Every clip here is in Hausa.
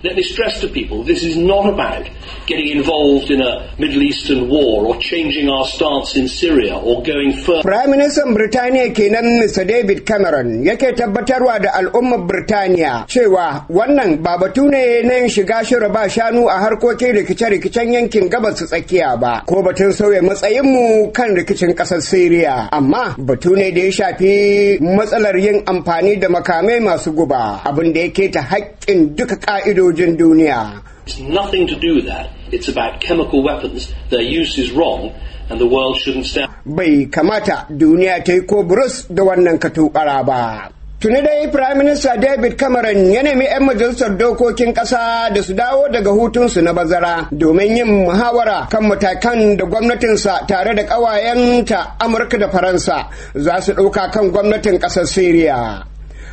Let me stress to people this is not about getting involved in a Middle Eastern war or changing our stance in Syria or going further. Prime Minister kenan Mr. David Cameron yake tabbatarwa da al'ummar Birtaniya cewa wannan ba batu ne na yin shiga shira ba shanu a harkokin rikice-rikicen yankin gabas tsakiya ba ko batun sauya matsayinmu kan rikicin ƙasar Syria amma batu ne da ya shafi matsalar yin amfani da makamai masu guba abin da yake ta haƙƙin duka ƙa'ido duniya. It's nothing to do with that. It's about chemical weapons. Their use is wrong and the world shouldn't stand. Bai kamata duniya ta yi ko burus da wannan katubara ba. Tuni dai Prime Minister David Cameron ya nemi 'yan majalisar dokokin ƙasa da su dawo daga hutunsu na bazara domin yin muhawara kan matakan da gwamnatinsa tare da ƙawayenta Amurka da Faransa za su ɗauka kan gwamnatin ƙasar Syria.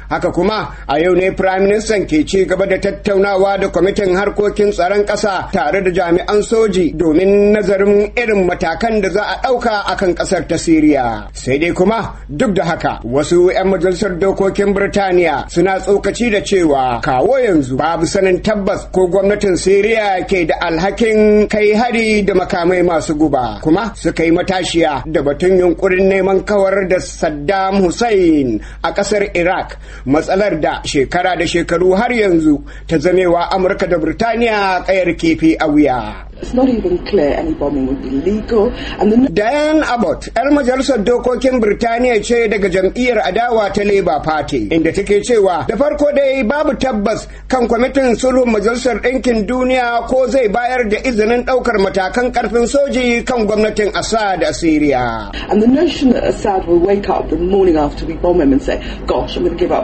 haka kuma a yau ne prime minister ke ci gaba da tattaunawa da kwamitin harkokin tsaron ƙasa tare da jami'an soji domin nazarin irin matakan da za a ɗauka akan ƙasar ta Syria. sai dai kuma duk da haka wasu 'yan majalisar dokokin birtaniya suna tsokaci da cewa kawo yanzu babu sanin tabbas ko gwamnatin Syria ke da alhakin kai hari da makamai masu guba kuma suka yi matashiya da batun yunkurin neman kawar da saddam hussein a ƙasar iraq matsalar da shekara da shekaru har yanzu ta zamewa amurka da birtaniya kayar kefe a wuya Diane Abbott, 'yar majalisar dokokin Birtaniya ce daga jam'iyyar adawa ta Labour Party, inda take cewa da farko dai babu tabbas kan kwamitin sulhun majalisar ɗinkin duniya ko zai bayar da izinin ɗaukar matakan ƙarfin soji kan gwamnatin Assad a Syria. And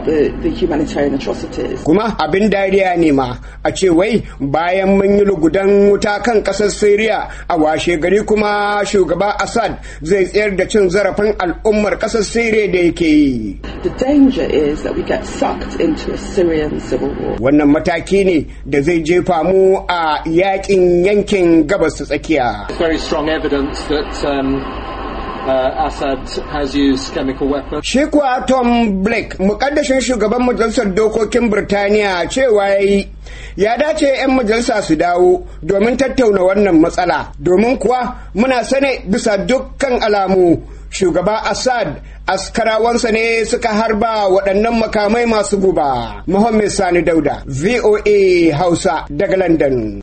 about the, the humanitarian atrocities. Kuma abin dariya ne ma a ce wai bayan mun yi lugudan wuta kan ƙasar Syria a washe gari kuma shugaba Assad zai tsayar da cin zarafin al'ummar ƙasar Syria da yake yi. The danger is that we get sucked into a Syrian civil war. Wannan mataki ne da zai jefa mu a yakin yankin gabas ta tsakiya. Very strong evidence that um, uh, Assad has used chemical weapons. Shi kuwa Tom Blake, mukaddashin shugaban majalisar dokokin Birtaniya cewa ya ya dace 'yan majalisa su dawo domin tattauna wannan matsala domin kuwa muna sane bisa dukkan alamu shugaba Assad askarawansa ne suka harba waɗannan makamai masu guba. Muhammad Sani Dauda, VOA Hausa daga London.